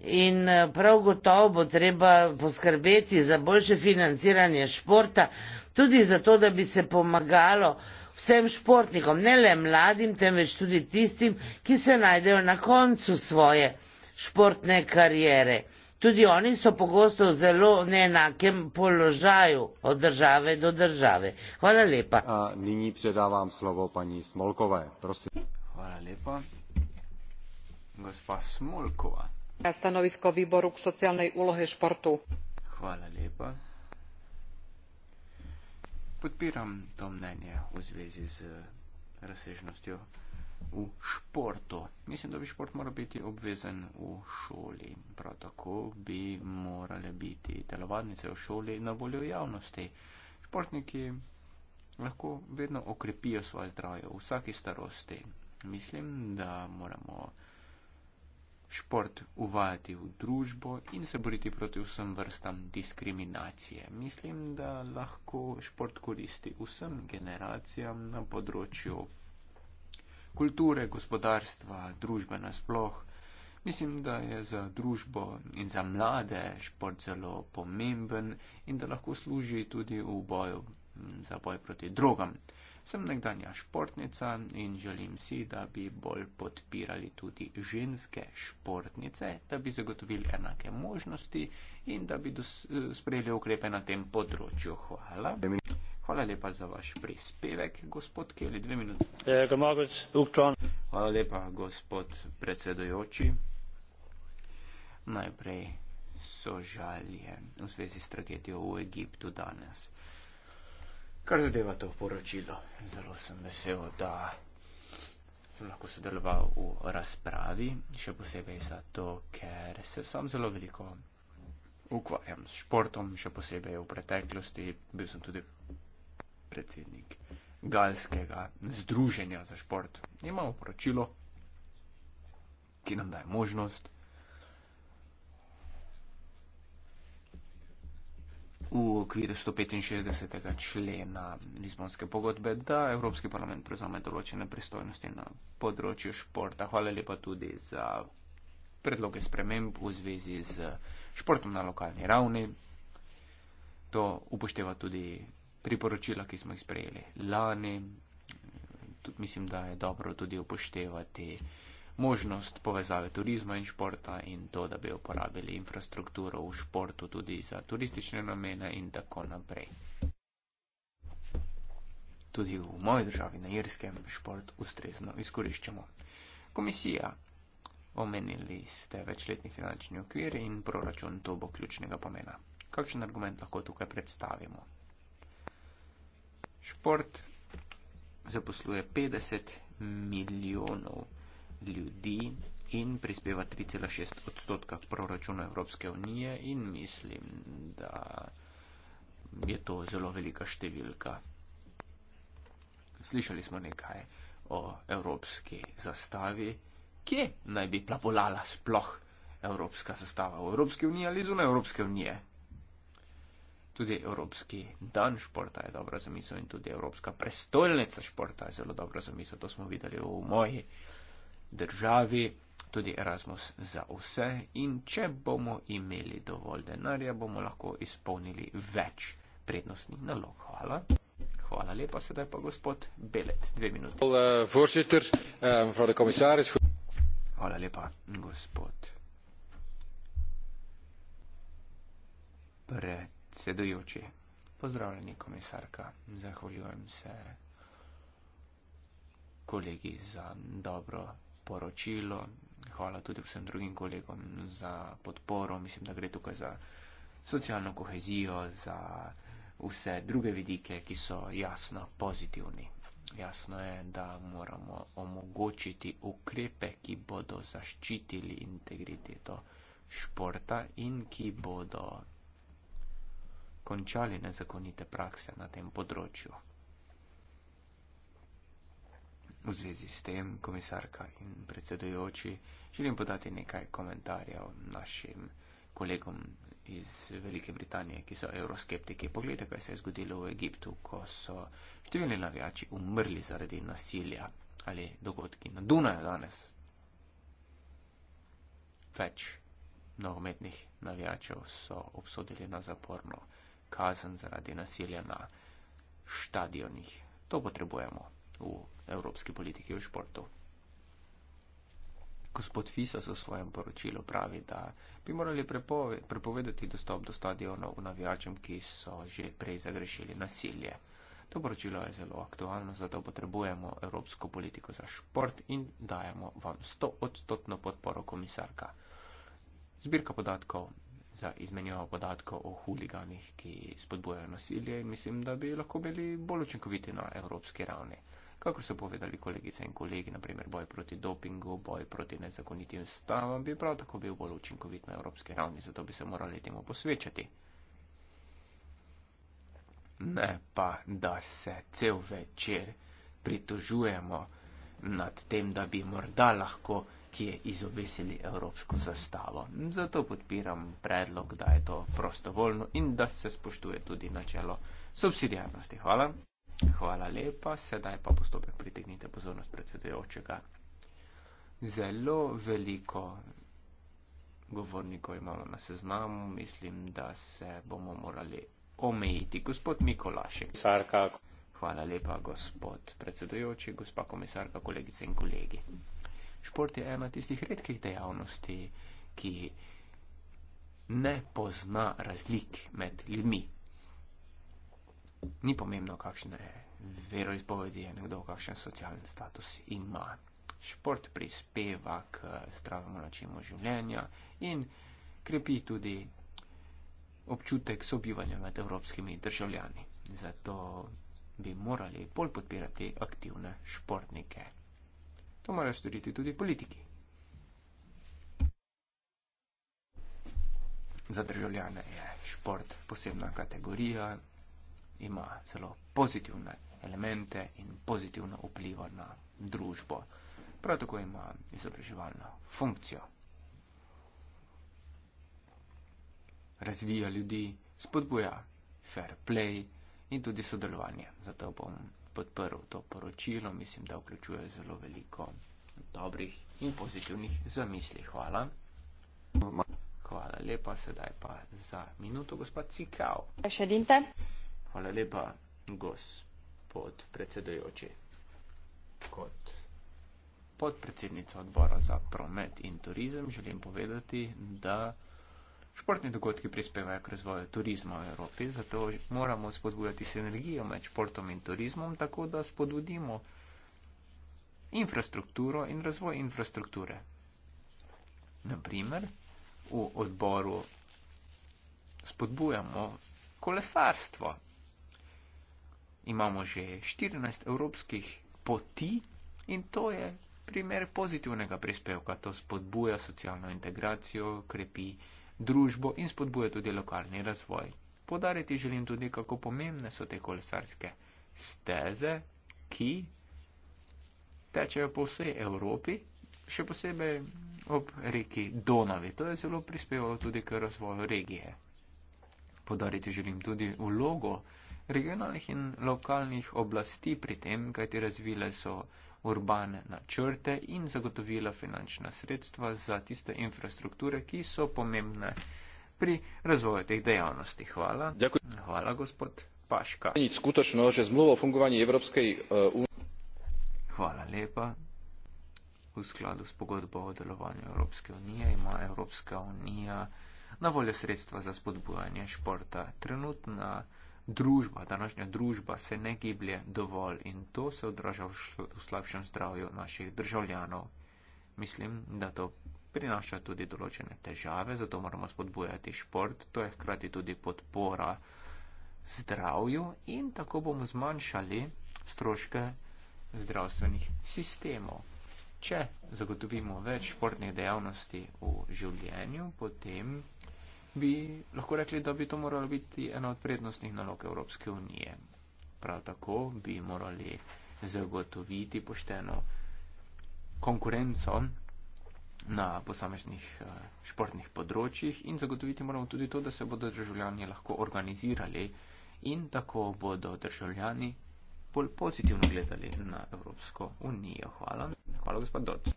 in eh, prav gotovo bo treba poskrbeti za boljše financiranje športa, tudi zato, da bi se pomagalo vsem športnikom, ne le mladim, temveč tudi tistim, ki se najdejo na koncu svoje športne karijere. Tudi oni so pogosto v zelo neenakem položaju od države do države. Hvala lepa. A, nini predavam slovo pani Smolkove. Prosim. Hvala lepa. Gospa Smolkova. Ja, stanovisko výboru k sociálnej úlohe športu. Hvala lepa. Podpiram to mnenje v zvezi z razsežnostjo v športu. Mislim, da bi šport moral biti obvezen v šoli. Prav tako bi morale biti telovadnice v šoli na voljo javnosti. Športniki lahko vedno okrepijo svoje zdravje v vsaki starosti. Mislim, da moramo šport uvajati v družbo in se boriti proti vsem vrstam diskriminacije. Mislim, da lahko šport koristi vsem generacijam na področju kulture, gospodarstva, družbe nasploh. Mislim, da je za družbo in za mlade šport zelo pomemben in da lahko služi tudi v boju za boj proti drogam. Sem nekdanja športnica in želim si, da bi bolj podpirali tudi ženske športnice, da bi zagotovili enake možnosti in da bi dos, sprejeli ukrepe na tem področju. Hvala. Hvala lepa za vaš prispevek, gospod Keli. Dve minuti. Hvala lepa, gospod predsedojoči. Najprej sožalje v zvezi s tragedijo v Egiptu danes. Kar zadeva to poročilo, zelo sem vesel, da sem lahko sodeloval v razpravi, še posebej zato, ker se sam zelo veliko ukvarjam s športom, še posebej v preteklosti. Bil sem tudi predsednik Galskega združenja za šport. Imamo poročilo, ki nam daje možnost v okviru 165. člena Lizbonske pogodbe, da Evropski parlament prezame določene pristojnosti na področju športa. Hvala lepa tudi za predloge sprememb v zvezi z športom na lokalni ravni. To upošteva tudi priporočila, ki smo jih sprejeli lani. Tud, mislim, da je dobro tudi upoštevati možnost povezave turizma in športa in to, da bi uporabili infrastrukturo v športu tudi za turistične namene in tako naprej. Tudi v moji državi na Irskem šport ustrezno izkoriščamo. Komisija. Omenili ste večletni finančni okvir in proračun to bo ključnega pomena. Kakšen argument lahko tukaj predstavimo? Šport zaposluje 50 milijonov ljudi in prispeva 3,6 odstotka proračuna Evropske unije in mislim, da je to zelo velika številka. Slišali smo nekaj o evropski zastavi. Kje naj bi plavolala sploh evropska zastava? V Evropski uniji ali zunaj Evropske unije? Tudi Evropski dan športa je dobra zamisel in tudi Evropska prestolnica športa je zelo dobra zamisel. To smo videli v moji državi, tudi Erasmus za vse in če bomo imeli dovolj denarja, bomo lahko izpolnili več prednostnih nalog. Hvala. Hvala lepa, sedaj pa gospod Belet. Dve minuti. Hvala eh, lepa, gospod. Predsedujoči, pozdravljeni komisarka, zahvaljujem se kolegi za dobro poročilo. Hvala tudi vsem drugim kolegom za podporo. Mislim, da gre tukaj za socialno kohezijo, za vse druge vidike, ki so jasno pozitivni. Jasno je, da moramo omogočiti ukrepe, ki bodo zaščitili integriteto športa in ki bodo končali nezakonite prakse na tem področju. V zvezi s tem, komisarka in predsedujoči, želim podati nekaj komentarjev našim kolegom iz Velike Britanije, ki so euroskeptiki. Poglejte, kaj se je zgodilo v Egiptu, ko so številni navijači umrli zaradi nasilja ali dogodki na Dunaju danes. Več nogometnih navijačev so obsodili na zaporno kazen zaradi nasilja na štadionih. To potrebujemo v evropski politiki v športu. Gospod Fisa v svojem poročilu pravi, da bi morali prepove, prepovedati dostop do stadionov navijačem, ki so že prej zagrešili nasilje. To poročilo je zelo aktualno, zato potrebujemo evropsko politiko za šport in dajemo vam 100 odstotno podporo komisarka. Zbirka podatkov za izmenjavo podatkov o huliganih, ki spodbujajo nasilje in mislim, da bi lahko bili bolj učinkoviti na evropski ravni kakor so povedali kolegice in kolegi, naprimer boj proti dopingu, boj proti nezakonitim stavam, bi prav tako bil bolj učinkovit na evropski ravni, zato bi se morali temu posvečati. Ne pa, da se cel večer pritožujemo nad tem, da bi morda lahko kje izobesili evropsko zastavo. Zato podpiram predlog, da je to prostovoljno in da se spoštuje tudi načelo subsidijarnosti. Hvala. Hvala lepa. Sedaj pa postopek pritegnite pozornost predsedujočega. Zelo veliko govornikov imamo na seznamu. Mislim, da se bomo morali omejiti. Gospod Mikolašek. Sarka. Hvala lepa, gospod predsedujoči, gospa komisarka, kolegice in kolegi. Šport je ena tistih redkih dejavnosti, ki ne pozna razlik med ljudmi ni pomembno, kakšne veroizpovedi je nekdo, kakšen socialen status ima. Šport prispeva k zdravemu načinu življenja in krepi tudi občutek sobivanja med evropskimi državljani. Zato bi morali bolj podpirati aktivne športnike. To morajo storiti tudi politiki. Za državljane je šport posebna kategorija, ima celo pozitivne elemente in pozitivno vpliva na družbo. Prav tako ima izobraževalno funkcijo. Razvija ljudi, spodbuja fair play in tudi sodelovanje. Zato bom podprl to poročilo. Mislim, da vključuje zelo veliko dobrih in pozitivnih zamisli. Hvala. Hvala lepa, sedaj pa za minuto, gospod Cikao. Še dinte? Hvala lepa, gospod predsedujoči. Kot podpredsednica odbora za promet in turizem želim povedati, da športni dogodki prispevajo k razvoju turizma v Evropi, zato moramo spodbujati sinergijo med športom in turizmom, tako da spodbudimo infrastrukturo in razvoj infrastrukture. Naprimer, v odboru spodbujamo kolesarstvo imamo že 14 evropskih poti in to je primer pozitivnega prispevka. To spodbuja socialno integracijo, krepi družbo in spodbuja tudi lokalni razvoj. Podariti želim tudi, kako pomembne so te kolesarske steze, ki tečejo po vsej Evropi, še posebej ob reki Donavi. To je zelo prispevalo tudi k razvoju regije. Podariti želim tudi vlogo, regionalnih in lokalnih oblasti pri tem, kajti razvile so urbane načrte in zagotovila finančna sredstva za tiste infrastrukture, ki so pomembne pri razvoju teh dejavnosti. Hvala. Dakuj. Hvala, gospod Paška. Skutočno, že Evropskej, uh, Hvala lepa. V skladu s pogodbo o delovanju Evropske unije ima Evropska unija na voljo sredstva za spodbujanje športa. Trenutna družba, današnja družba se ne giblje dovolj in to se odraža v, šl, v slabšem zdravju naših državljanov. Mislim, da to prinaša tudi določene težave, zato moramo spodbujati šport, to je hkrati tudi podpora zdravju in tako bomo zmanjšali stroške zdravstvenih sistemov. Če zagotovimo več športnih dejavnosti v življenju, potem bi lahko rekli, da bi to morala biti ena od prednostnih nalog Evropske unije. Prav tako bi morali zagotoviti pošteno konkurenco na posamešnih eh, športnih področjih in zagotoviti moramo tudi to, da se bodo državljani lahko organizirali in tako bodo državljani bolj pozitivno gledali na Evropsko unijo. Hvala. Hvala, gospod Dodd.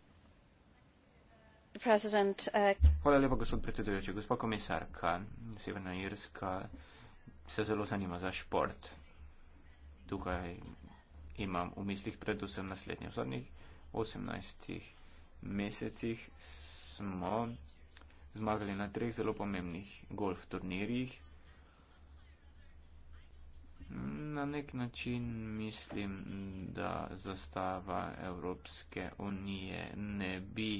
Uh, Hvala lepa, gospod predsedujoči. Gospod komisarka, Severna Irska se zelo zanima za šport. Tukaj imam v mislih predvsem naslednje. V zadnjih 18 mesecih smo zmagali na treh zelo pomembnih golf turnirjih. Na nek način mislim, da zastava Evropske unije ne bi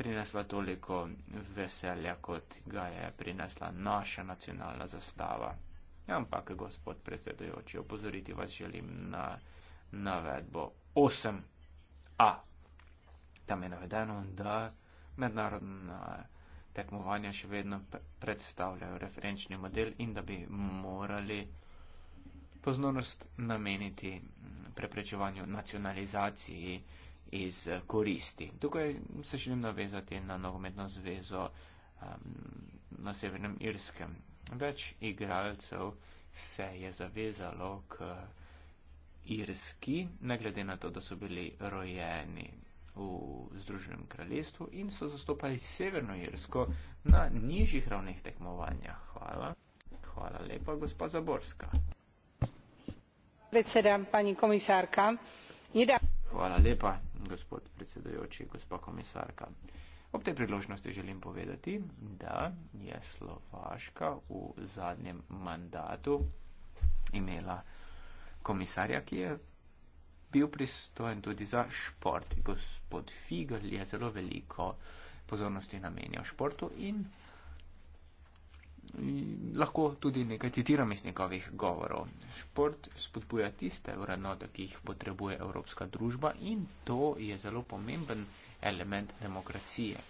prinesla toliko veselja, kot ga je prinesla naša nacionalna zastava. Ampak, gospod predsedujoči, opozoriti vas želim na navedbo 8a. Tam je navedeno, da mednarodna tekmovanja še vedno predstavljajo referenčni model in da bi morali pozornost nameniti preprečevanju nacionalizaciji iz eh, koristi. Tukaj se želim navezati na nogometno zvezo um, na Severnem Irskem. Več igralcev se je zavezalo k Irski, ne glede na to, da so bili rojeni v Združenem kraljestvu in so zastopali Severno Irsko na nižjih ravneh tekmovanja. Hvala. Hvala lepa, gospa Zaborska. Predsedam, pani komisarka. Nedal- Hvala lepa, gospod predsedujoči, gospa komisarka. Ob tej priložnosti želim povedati, da je Slovaška v zadnjem mandatu imela komisarja, ki je bil pristojen tudi za šport. Gospod Figel je zelo veliko pozornosti namenjal športu in lahko tudi nekaj citiram iz njegovih govorov. Šport spodbuja tiste vrednote, ki jih potrebuje evropska družba in to je zelo pomemben element demokracije.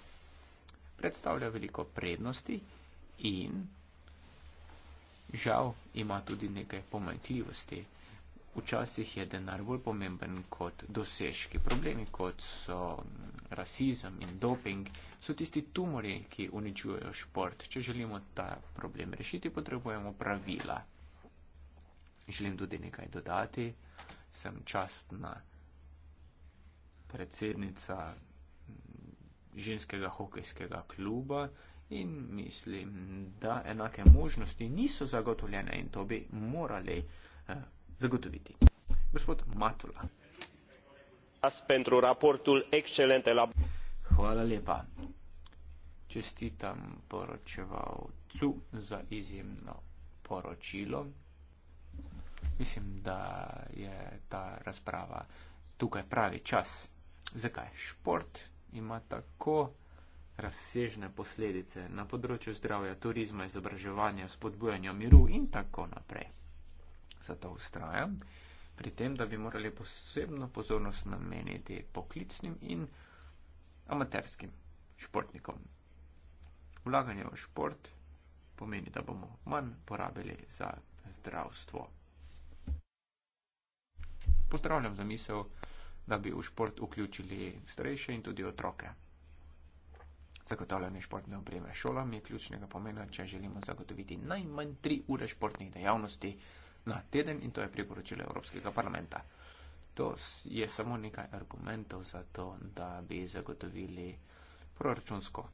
Predstavlja veliko prednosti in žal ima tudi nekaj pomanjkljivosti včasih je denar bolj pomemben kot dosežki. Problemi, kot so rasizem in doping, so tisti tumori, ki uničujejo šport. Če želimo ta problem rešiti, potrebujemo pravila. Želim tudi nekaj dodati. Sem častna predsednica ženskega hokejskega kluba in mislim, da enake možnosti niso zagotovljene in to bi morali eh, zagotoviti. Gospod Matula. Pentru raportul excelent Hvala lepa. Čestitam poročevalcu za izjemno poročilo. Mislim, da je ta razprava tukaj pravi čas. Zakaj? Šport ima tako razsežne posledice na področju zdravja, turizma, izobraževanja, spodbujanja miru in tako naprej. Zato ustrajam pri tem, da bi morali posebno pozornost nameniti poklicnim in amaterskim športnikom. Vlaganje v šport pomeni, da bomo manj porabili za zdravstvo. Pozdravljam za misel, da bi v šport vključili starejše in tudi otroke. Zagotavljanje športne opreme šolam je ključnega pomena, če želimo zagotoviti najmanj tri ure športnih dejavnosti na teden in to je priporočilo Evropskega parlamenta. To je samo nekaj argumentov za to, da bi zagotovili proračunsko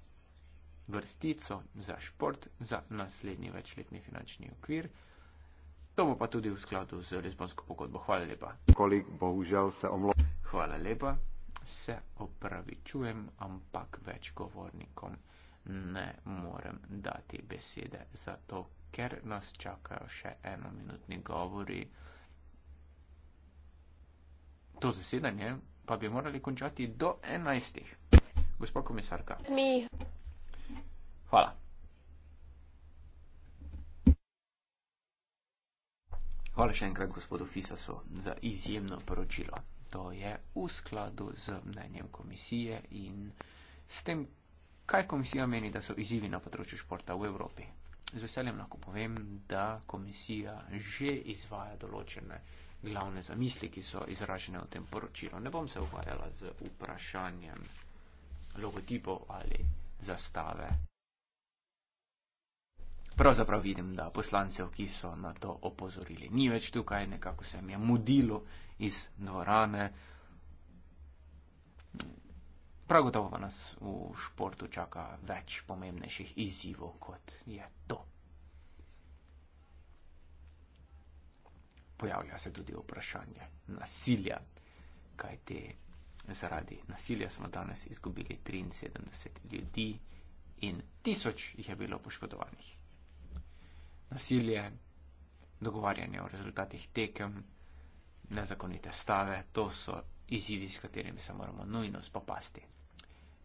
vrstico za šport za naslednji večletni finančni okvir. To bo pa tudi v skladu z Lizbonsko pogodbo. Hvala lepa. Kolik bohužel se omlom. Hvala lepa. Se opravičujem, ampak več govornikom ne morem dati besede za to, ker nas čakajo še enominutni govori. To zasedanje pa bi morali končati do enajstih. Gospod komisarka. Mi. Hvala. Hvala še enkrat gospodu Fisasu za izjemno poročilo. To je v skladu z mnenjem komisije in s tem, kaj komisija meni, da so izzivi na področju športa v Evropi z veseljem lahko povem, da komisija že izvaja določene glavne zamisli, ki so izražene v tem poročilu. Ne bom se ukvarjala z vprašanjem logotipov ali zastave. Pravzaprav vidim, da poslancev, ki so na to opozorili, ni več tukaj, nekako se jim je mudilo iz dvorane. Prav gotovo nas v športu čaka več pomembnejših izzivov, kot je to. Pojavlja se tudi vprašanje nasilja, kajti zaradi nasilja smo danes izgubili 73 ljudi in tisoč jih je bilo poškodovanih. Nasilje, dogovarjanje o rezultatih tekem, nezakonite stave, to so izzivi, s katerimi se moramo nujno spopasti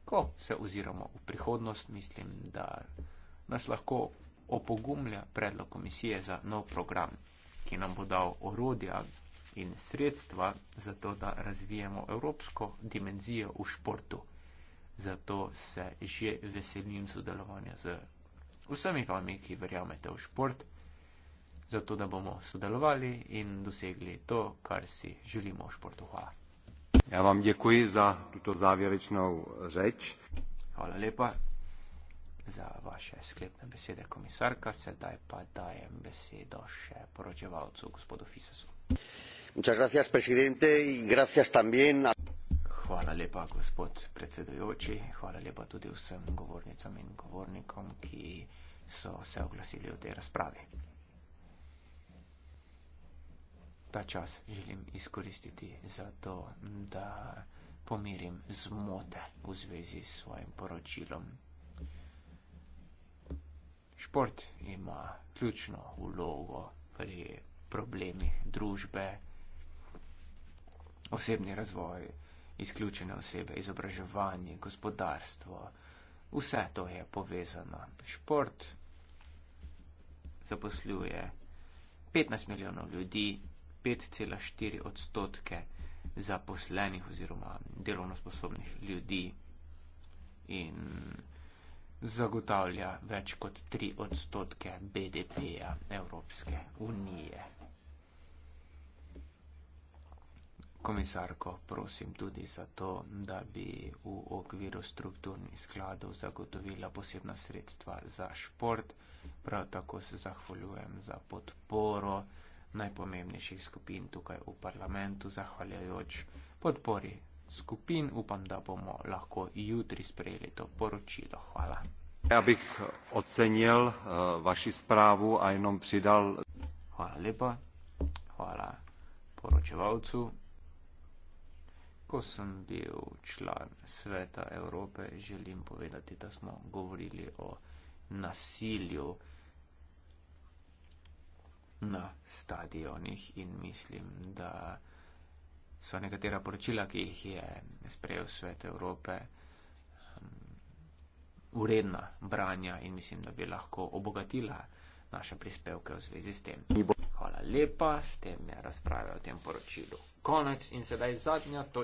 ko se oziramo v prihodnost, mislim, da nas lahko opogumlja predlog komisije za nov program, ki nam bo dal orodja in sredstva za to, da razvijemo evropsko dimenzijo v športu. Zato se že veselim sodelovanja z vsemi vami, ki verjamete v šport, zato da bomo sodelovali in dosegli to, kar si želimo v športu. Hvala. Ja vam děkuji za tuto závěrečnou eh, řeč. Hvala lepa za vaše sklepne besede, komisarka. Sedaj pa dajem besedo še poročevalcu, gospodu Fisesu. Muchas gracias, presidente, y gracias también a... Hvala lepa, gospod predsedujoči. Hvala lepa tudi vsem govornicam in govornikom, ki so se oglasili v tej razpravi ta čas želim izkoristiti za to, da pomirim zmote v zvezi s svojim poročilom. Šport ima ključno vlogo pri problemih družbe, osebni razvoj, izključene osebe, izobraževanje, gospodarstvo. Vse to je povezano. Šport zaposluje 15 milijonov ljudi 5,4 odstotke zaposlenih oziroma delovno sposobnih ljudi in zagotavlja več kot 3 odstotke BDP-ja Evropske unije. Komisarko prosim tudi za to, da bi v okviru strukturnih skladov zagotovila posebna sredstva za šport. Prav tako se zahvaljujem za podporo najpomembnejših skupin tukaj v parlamentu, zahvaljajoč podpori skupin. Upam, da bomo lahko jutri sprejeli to poročilo. Hvala. Ja bih ocenil uh, eh, vaši spravu, a jenom pridal. Hvala lepa. Hvala poročevalcu. Ko sem bil član sveta Evrope, želim povedati, da smo govorili o nasilju na stadionih in mislim, da so nekatera poročila, ki jih je sprejel svet Evrope, uredna um, branja in mislim, da bi lahko obogatila naše prispevke v zvezi s tem. Hvala lepa, s tem je razprave o tem poročilu. Konec in sedaj zadnja točka.